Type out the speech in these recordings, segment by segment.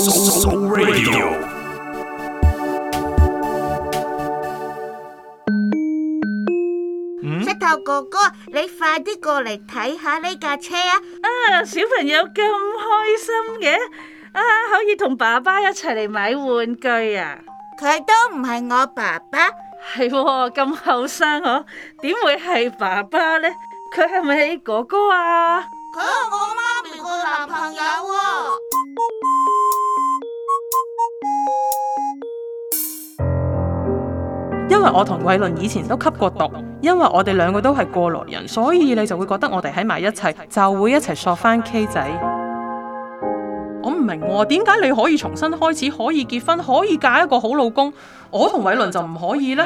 石頭哥哥，你快啲過嚟睇下呢架車啊！啊，小朋友咁開心嘅，啊可以同爸爸一齊嚟買玩具啊！佢都唔係我爸爸，係咁後生嗬？點會係爸爸呢？佢係咪哥哥啊？佢係我媽咪個男朋友啊！因為我同偉倫以前都吸過毒，因為我哋兩個都係過來人，所以你就會覺得我哋喺埋一齊就會一齊索翻 K 仔。我唔明啊，點解，你可以重新開始，可以結婚，可以嫁一個好老公，我同偉倫就唔可以呢？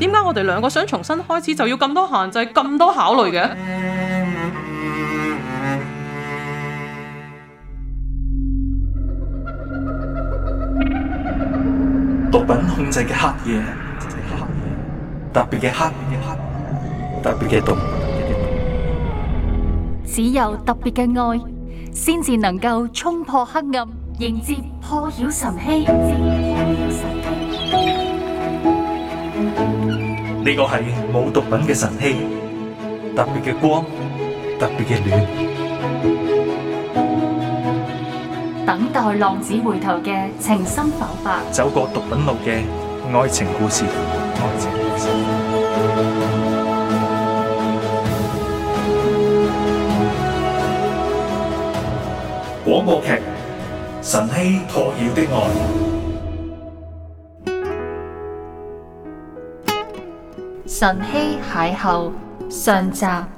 點 解我哋兩個想重新開始就要咁多限制，咁多考慮嘅？毒品控制嘅黑夜，特別嘅黑嘢，特別嘅毒。只有特別嘅愛，先至能夠衝破黑暗，迎接破曉晨曦。呢個係冇毒品嘅晨曦，特別嘅光，特別嘅暖。等待浪子回頭嘅情深糾葛，走過毒品路嘅愛情故事。愛情故事。廣播劇《神曦奪要的愛》，神曦邂逅上集。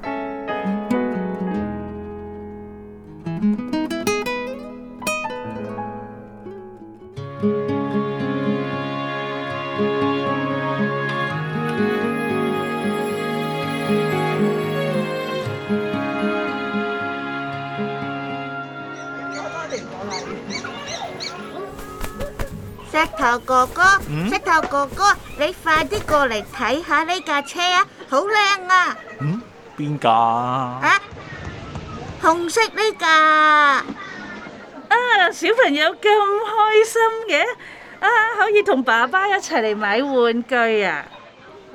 石頭哥哥，嗯、石頭哥哥，你快啲過嚟睇下呢架車啊，好靚啊！嗯，邊架啊？啊，紅色呢架。啊、小朋友咁開心嘅，啊可以同爸爸一齊嚟買玩具啊！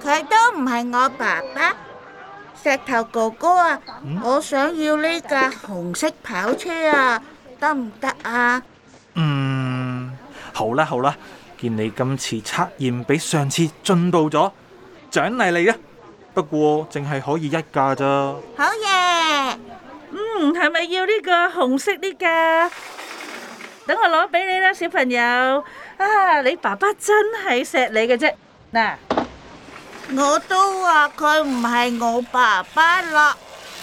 佢都唔係我爸爸，石頭哥哥啊，嗯、我想要呢架紅色跑車啊，得唔得啊？嗯，好啦好啦，見你今次測驗比上次進步咗，獎勵你啦。不過淨係可以一架咋。好嘢！嗯，係咪要呢、呢個紅色呢架？等我攞俾你啦，小朋友。啊，你爸爸真係錫你嘅啫。嗱、啊，我都話佢唔係我爸爸咯。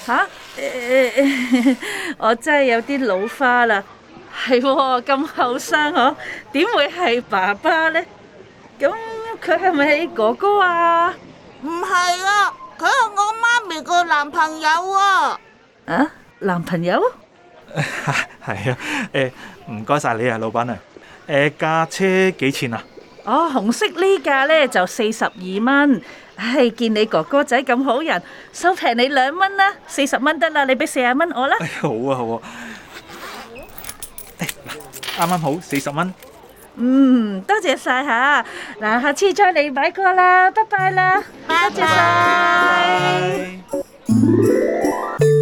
吓、啊欸欸？我真係有啲老花啦。係咁後生嗬？點、啊、會係爸爸呢？咁佢係咪哥哥啊？唔係啊，佢係我媽咪個男朋友啊。啊，男朋友？係 啊，誒、欸。唔該晒你啊，老闆啊！誒，架車幾錢啊？哦，紅色呢架呢就四十二蚊。唉見你哥哥仔咁好人，收平你兩蚊啦，四十蚊得啦，你俾四十蚊我啦。好啊，好啊。誒，嗱，啱啱好四十蚊。嗯，多謝晒吓。嗱，下次再嚟買過啦，拜拜啦。多謝晒。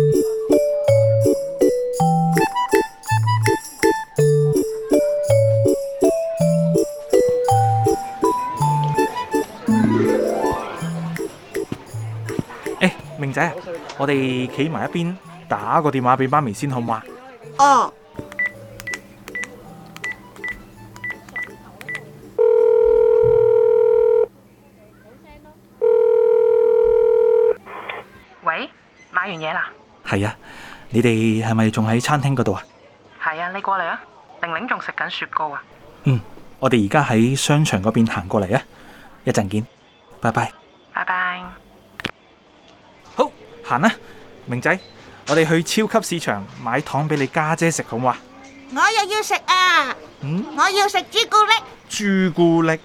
仔，我哋企埋一邊，打個電話俾媽咪先好嘛？哦、啊。喂，買完嘢啦？係啊，你哋係咪仲喺餐廳嗰度啊？係啊，你過嚟啊，玲玲仲食緊雪糕啊。嗯，我哋而家喺商場嗰邊行過嚟啊，一陣見，拜拜。行啦、啊，明仔，我哋去超級市場買糖俾你家姐食好唔好啊？我又要食啊！嗯，我要食朱古力。朱古力，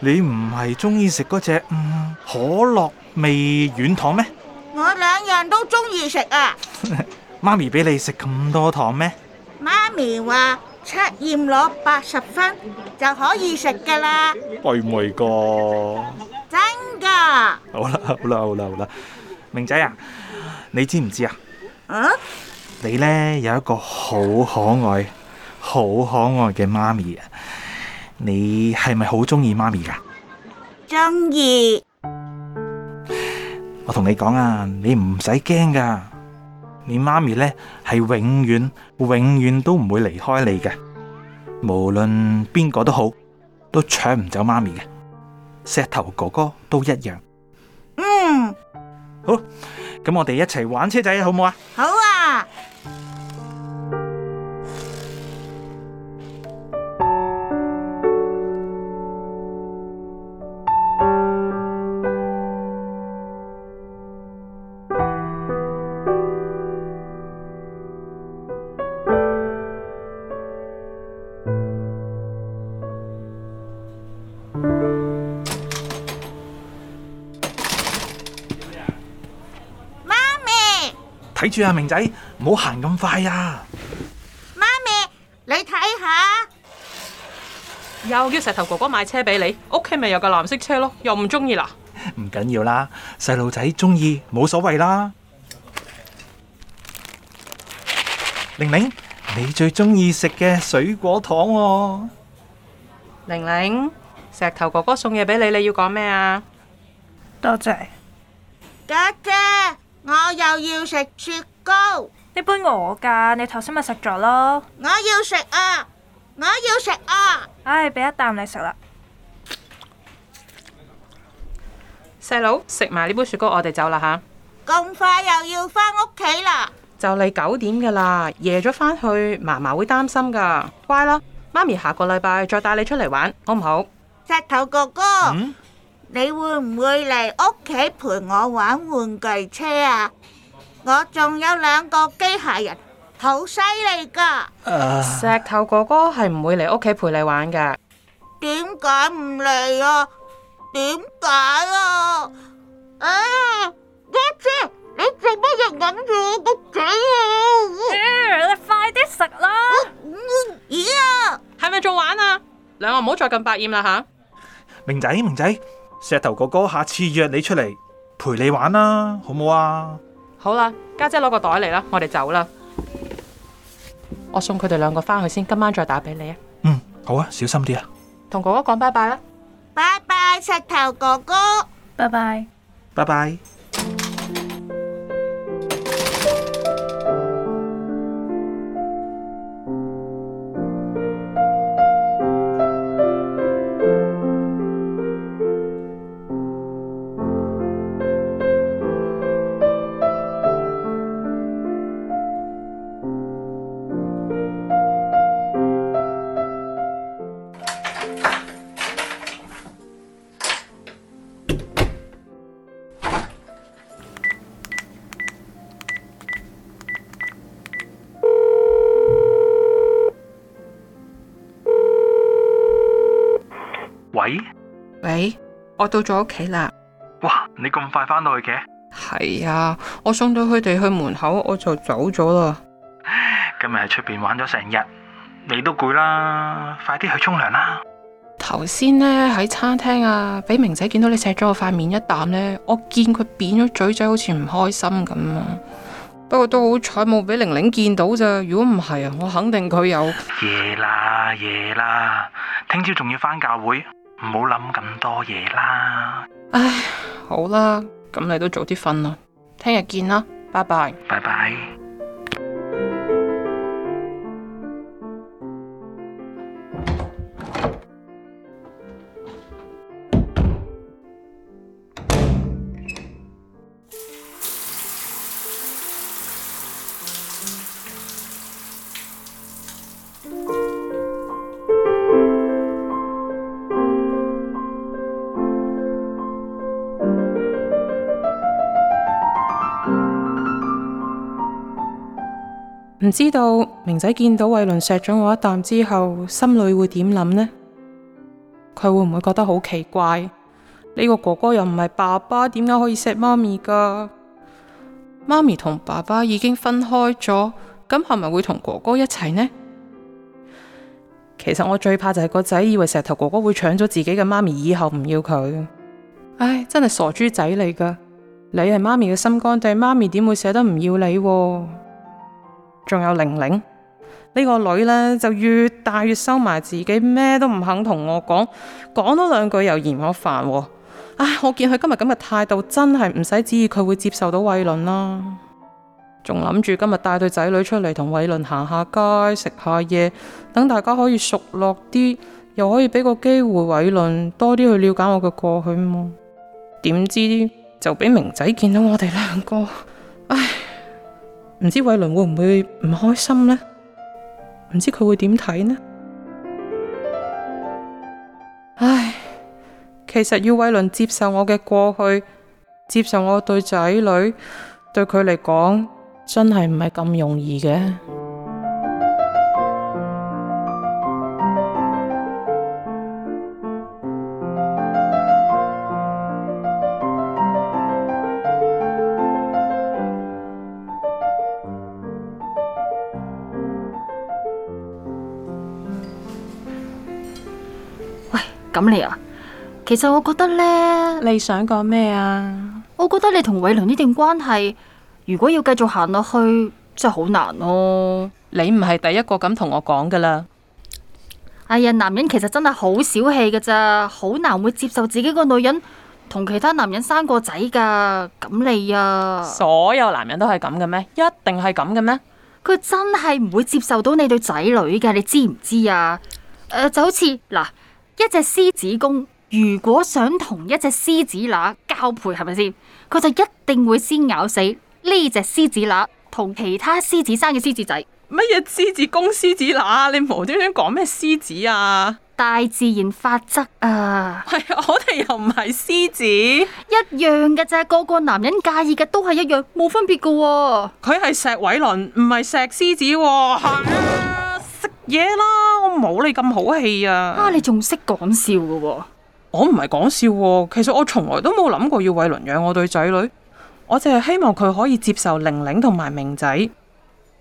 你唔係中意食嗰隻可樂味軟糖咩？我兩樣都中意食啊！ 媽咪俾你食咁多糖咩？媽咪話測驗攞八十分就可以食噶、哎、的啦。會唔會噶？真噶！好啦，好啦，好啦，好啦。明仔啊，你知唔知啊？啊？你呢，有一個好可愛、好可愛嘅媽咪啊！你係咪好中意媽咪噶？中意。我同你講啊，你唔使驚噶，你媽咪呢，係永遠、永遠都唔會離開你嘅，無論邊個都好，都搶唔走媽咪嘅，石頭哥哥都一樣。好，咁我哋一齊玩車仔，好唔好啊？好啊。住啊，明仔唔好行咁快啊！媽咪，你睇下，又叫石頭哥哥買車俾你，屋企咪有個藍色車咯，又唔中意啦。唔緊要啦，細路仔中意冇所謂啦。玲玲，你最中意食嘅水果糖哦。玲玲，石頭哥哥送嘢俾你，你要講咩啊？多謝，多謝。我又要食雪糕。呢杯我噶，你頭先咪食咗咯。我要食啊！我要食啊！唉，俾一啖你食啦。細佬，食埋呢杯雪糕，我哋走啦吓。咁快又要返屋企啦？就嚟九點噶啦，夜咗返去，嫲嫲會擔心噶。乖啦，媽咪下個禮拜再帶你出嚟玩，好唔好？石頭哥哥。嗯你會唔會嚟屋企陪我玩玩具車啊？我仲有兩個機械人，好犀利噶！石頭哥哥係唔會嚟屋企陪你玩嘅。點解唔嚟啊？點解啊？啊！哥車，你做乜嘢揞住我嘅嘴啊？姐，你快啲食啦！咦呀，係咪仲玩啊？兩個唔好再咁百厭啦吓！明仔，明仔。石頭哥哥，下次約你出嚟陪你玩啦，好唔好啊？好啦，家姐攞個袋嚟啦，我哋走啦。我送佢哋兩個翻去先，今晚再打俾你啊。嗯，好啊，小心啲啊。同哥哥講拜拜啦，拜拜，石頭哥哥，拜拜，拜拜。我到咗屋企啦！哇，你咁快翻到去嘅？係啊，我送到佢哋去門口，我就走咗啦。今日喺出邊玩咗成日，你都攰啦，快啲去沖涼啦。頭先呢，喺餐廳啊，俾明仔見到你錫咗我塊面一啖呢，我見佢扁咗嘴仔，好似唔開心咁啊。不過都好彩冇俾玲玲見到咋，如果唔係啊，我肯定佢有。夜啦夜啦，聽朝仲要返教會。唔好諗咁多嘢啦。唉，好啦，咁你都早啲瞓啦。聽日見啦，拜拜。拜拜。唔知道明仔見到慧倫錫咗我一啖之後，心裏會點諗呢？佢會唔會覺得好奇怪？呢個哥哥又唔係爸爸，點解可以錫媽咪噶？媽咪同爸爸已經分開咗，咁係咪會同哥哥一齊呢？其實我最怕就係個仔以為石頭哥哥會搶咗自己嘅媽咪，以後唔要佢。唉，真係傻豬仔嚟噶！你係媽咪嘅心肝地，媽咪點會捨得唔要你？仲有玲玲呢個女呢，就越大越收埋自己，咩都唔肯同我講，講多兩句又嫌我煩喎。唉，我見佢今日咁嘅態度，真係唔使指意佢會接受到偉倫啦。仲諗住今日帶對仔女出嚟同偉倫行下街，食下嘢，等大家可以熟落啲，又可以俾個機會偉倫多啲去了解我嘅過去嘛。點知就俾明仔見到我哋兩個，唉。唔知偉倫會唔會唔開心呢？唔知佢會點睇呢？唉，其實要偉倫接受我嘅過去，接受我對仔女，對佢嚟講，真係唔係咁容易嘅。咁你啊，其實我覺得呢，你想講咩啊？我覺得你同偉倫呢段關係，如果要繼續行落去，真係好難咯，啊哦。你唔係第一個咁同我講噶啦。哎呀，男人其實真係好小氣噶咋，好難會接受自己個女人同其他男人生個仔噶。咁你啊，所有男人都係咁嘅咩？一定係咁嘅咩？佢真係唔會接受到你對仔女噶，你知唔知啊，呃？就好似嗱。一隻獅子公如果想同一隻獅子乸交配，係咪先？佢就一定會先咬死呢隻獅子乸同其他獅子生嘅獅子仔。乜嘢獅子公獅子乸？你無端端講咩獅子啊？大自然法則啊！係啊 我哋又唔係獅子，一樣嘅咋，個個男人介意嘅都係一樣，冇分別嘅、啊。佢係石偉倫，唔係石獅子、啊。哎嘢啦，yeah, 我冇你咁好氣啊！啊，你仲識講笑噶，啊？我唔係講笑，其實我從來都冇諗過要偉倫養我對仔女，我淨係希望佢可以接受玲玲同埋明仔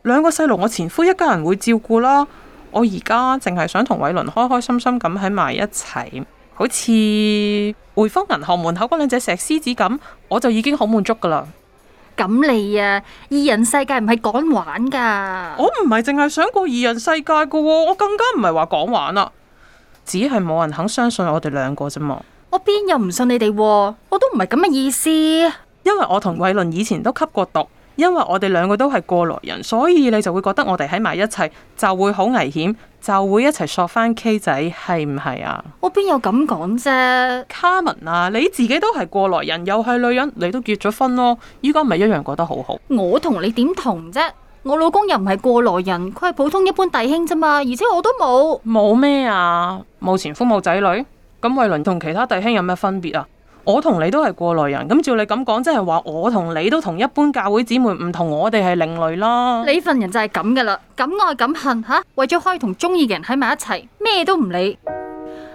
兩個細路。我前夫一家人會照顧啦，我而家淨係想同偉倫開開心心咁喺埋一齊，好似匯豐銀行門口嗰兩隻石獅子咁，我就已經好滿足噶啦。咁你啊！二人世界唔係講玩噶，我唔係淨係想過二人世界噶，我更加唔係話講玩啦，只係冇人肯相信我哋兩個啫嘛。我邊有唔信你哋啊？我都唔係咁嘅意思，因為我同偉倫以前都吸過毒。因為我哋兩個都係過來人，所以你就會覺得我哋喺埋一齊就會好危險，就會一齊索返 K 仔，係唔係啊？我邊有咁講啫？卡文啊，你自己都係過來人，又係女人，你都結咗婚咯，依家咪一樣過得好好。我同你點同啫？我老公又唔係過來人，佢係普通一般弟兄啫嘛，而且我都冇冇咩啊，冇前夫冇仔女，咁衛倫同其他弟兄有咩分別啊？我同你都係過來人，咁照你咁講，即係話我同你都同一般教會姊妹唔同，我哋係另類啦。你份人就係咁噶啦，敢愛敢恨吓，為咗可以同中意嘅人喺埋一齊，咩都唔理。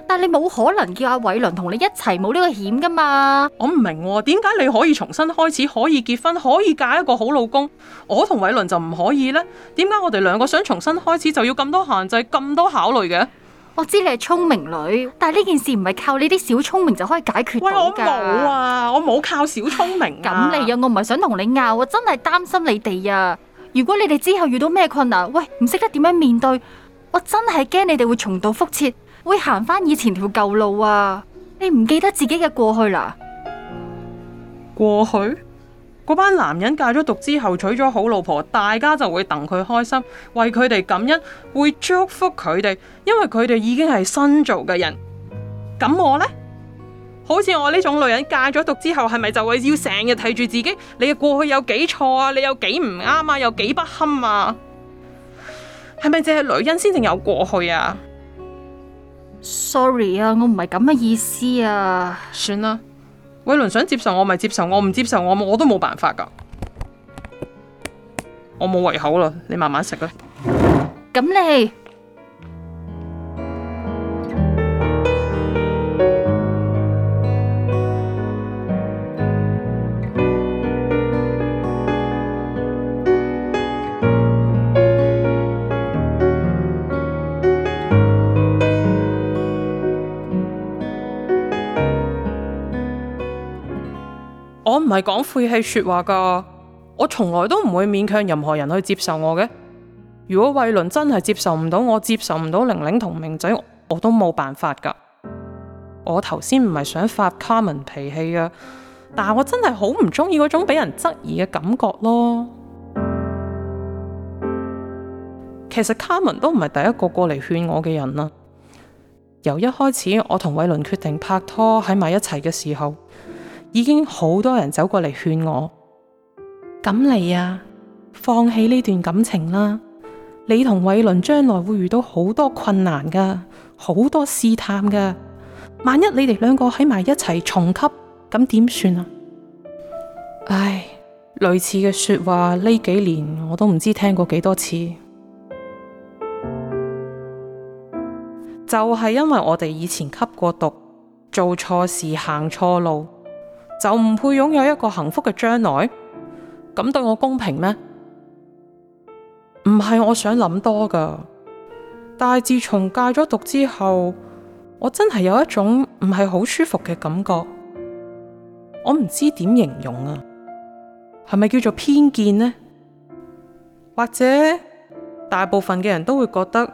但你冇可能叫阿偉倫同你一齊冒呢個險噶嘛？我唔明喎，啊，點解你可以重新開始，可以結婚，可以嫁一個好老公，我同偉倫就唔可以呢？點解我哋兩個想重新開始就要咁多限制，咁多考慮嘅？我知你係聰明女，但係呢件事唔係靠你啲小聰明就可以解決到嘅。喂，我冇啊，我冇靠小聰明。咁你啊， 我唔係想同你拗，我真係擔心你哋啊。如果你哋之後遇到咩困難，喂，唔識得點樣面對，我真係驚你哋會重蹈覆轍，會行翻以前條舊路啊。你唔記得自己嘅過去啦。過去。嗰班男人戒咗毒之後娶咗好老婆，大家就會等佢開心，為佢哋感恩，會祝福佢哋，因為佢哋已經係新造嘅人。咁我呢？好似我呢種女人，戒咗毒之後，係咪就會要成日睇住自己？你嘅過去有幾錯啊？你有幾唔啱啊？有幾不堪啊？係咪淨係女人先至有過去啊？Sorry 啊，我唔係咁嘅意思啊。算啦。衛倫想接受我咪接受我不，唔接受我我都冇辦法㗎，我冇胃口啦，你慢慢食啦。咁你？係講晦氣說話噶，我從來都唔會勉強任何人去接受我嘅。如果衛倫真係接受唔到，我接受唔到玲玲同明仔，我，我都冇辦法噶。我頭先唔係想發卡文脾氣啊，但係我真係好唔中意嗰種俾人質疑嘅感覺咯。其實卡文都唔係第一個過嚟勸我嘅人啦。由一開始我同衛倫決，決定拍拖喺埋一齊嘅時候。已經好多人走過嚟勸我咁你呀，放棄呢段感情啦。你同偉倫將來會遇到好多困難噶，好多試探噶。萬一你哋兩個喺埋一齊重吸，咁點算啊？唉，類似嘅說話呢幾年我都唔知聽過幾多次， 就係因為我哋以前吸過毒，做錯事，行錯路。就唔配擁有一個幸福嘅將來，咁對我公平咩？唔係我想諗多㗎，但係自從戒咗毒之後，我真係有一種唔係好舒服嘅感覺，我唔知點形容啊，係咪叫做偏見呢？或者大部分嘅人都會覺得，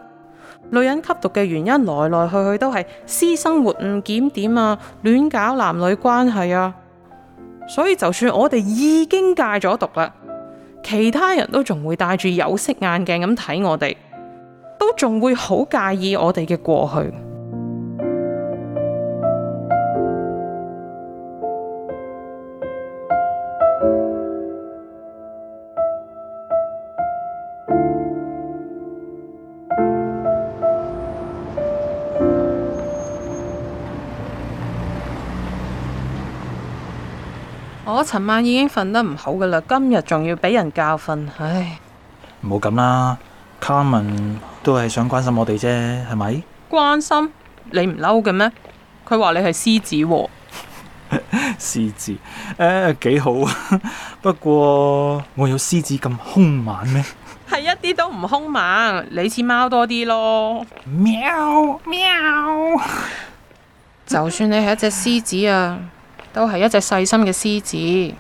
女人吸毒嘅原因來來去去都係私生活唔檢點啊，亂搞男女關係啊。所以，就算我哋已經戒咗毒喇，其他人都仲會戴住有色眼鏡噉睇我哋，都仲會好介意我哋嘅過去。我尋晚已經瞓得唔好噶啦，今日仲要俾人教訓。唉！唔好咁啦，卡文都係想關心我哋啫，係咪？關心你唔嬲嘅咩？佢話你係獅子、哦、 子，獅子誒幾好啊！ 不過我有獅子咁凶猛咩？係 一啲都唔凶猛，你似貓多啲咯，喵喵！喵 就算你係一隻獅子啊！都係一隻細心嘅獅子。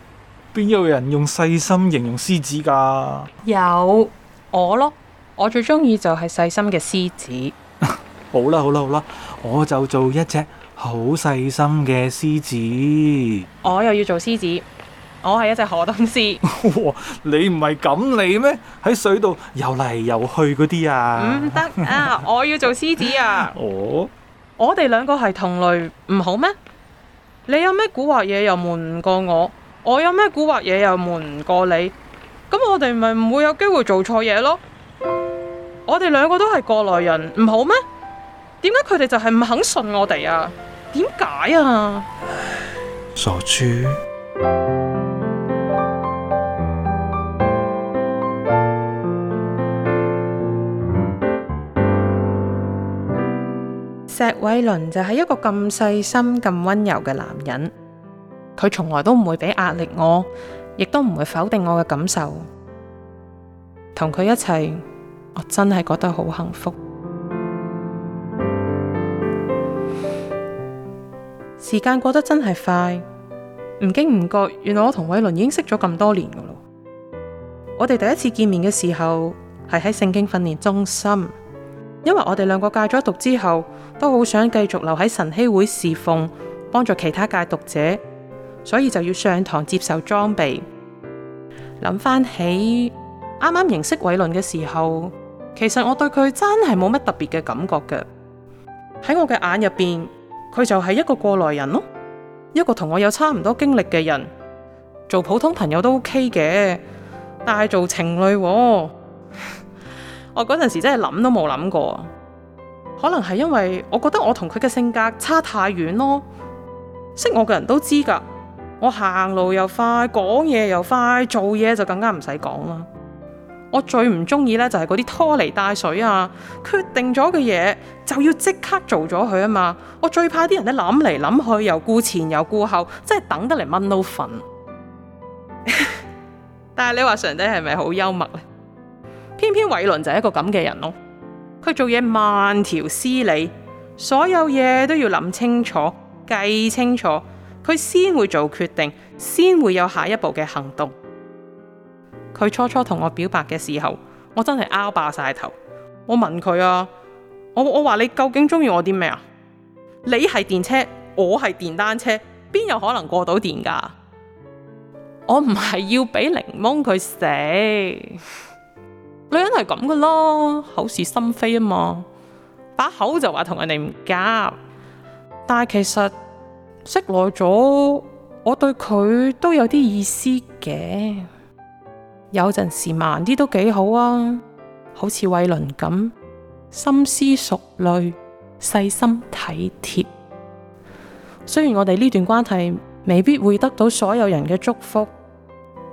邊有人用細心形容獅子㗎？有我咯，我最中意就係細心嘅獅子。 好啦好啦好啦，我就做一隻好細心嘅獅子。我又要做獅子，我係一隻河東獅。哇！你唔係錦鯉咩？喺水度游嚟游去嗰啲啊？唔 得啊！我要做獅子啊！哦 我，我哋兩個係同類，唔好咩？你有咩古惑嘢，又瞞唔過我，我有咩古惑嘢，又瞞唔過你，咁我哋咪唔會有機會做錯嘢咯。我哋兩個都係過來人，唔好咩？點解佢哋就係唔肯信我哋啊？點解啊？傻豬。石偉倫就係一個咁細心、咁溫柔嘅男人，佢從來都唔會俾壓力我，亦都唔會否定我嘅感受。同佢一齊，我真係覺得好幸福。 時間過得真係快，唔經唔覺，原來我同偉倫已經識咗咁多年㗎喇。我哋第一次見面嘅時候，係喺聖經訓練中心。因為我哋兩個戒咗毒之後，都好想繼續留喺晨曦會侍奉，幫助其他戒毒者，所以就要上堂接受裝備。諗翻起啱啱認識偉倫嘅時候，其實我對佢真係冇乜特別嘅感覺嘅。喺我嘅眼入邊，佢就係一個過來人咯，一個同我有差唔多經歷嘅人，做普通朋友都 OK 嘅，但係做情侶。我嗰陣時真係諗都冇諗過，可能係因為我覺得我同佢嘅性格差太遠咯。識我嘅人都知噶，我行路又快，講嘢又快，做嘢就更加唔使講啦。我最唔中意咧就係嗰啲拖泥帶水啊！決定咗嘅嘢就要即刻做咗佢啊嘛！我最怕啲人咧諗嚟諗去又顧前又顧後，真係等得嚟蚊都瞓。 但係你話上帝係咪好幽默咧？偏偏偉倫就係一個咁嘅人咯，佢做嘢慢條斯理，所有嘢都要諗清楚、計清楚，佢先會做決定，先會有下一步嘅行動。佢初初同我表白嘅時候，我真係拗爆晒頭。我問佢啊，我我話你究竟中意我啲咩啊？你係電車，我係電單車，邊有可能過到電噶？我唔係要俾檸檬佢死。」女人係咁噶啦，口是心非啊嘛，把口就話同人哋唔夾，但係其實識耐咗，我對佢都有啲意思嘅。有陣時慢啲都幾好啊，好似慧倫咁，深思熟慮，細心體貼。雖然我哋呢段關係未必會得到所有人嘅祝福，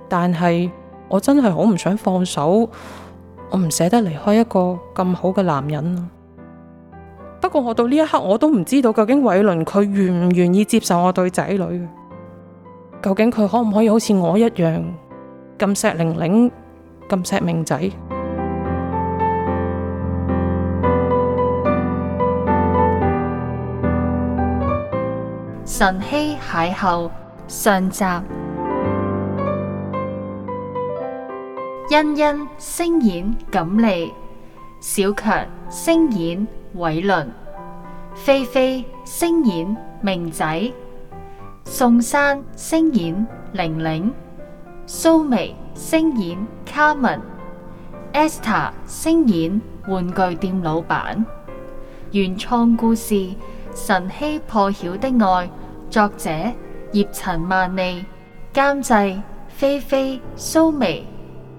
但係我真係好唔想放手。我唔捨得離開一個咁好嘅男人。不過我到呢一刻，我都唔知道究竟偉倫佢願唔願意接受我對仔女，究竟佢可唔可以好似我一樣咁錫玲玲，咁錫明仔？晨曦邂逅上集。欣欣聲演錦麗，小強聲演偉倫，菲菲聲演明仔，宋山聲演玲玲，蘇眉聲演卡文，Esther 聲演玩具店老闆。原創故事《晨曦破曉的愛》，作者葉陳萬利，監製菲菲、蘇眉。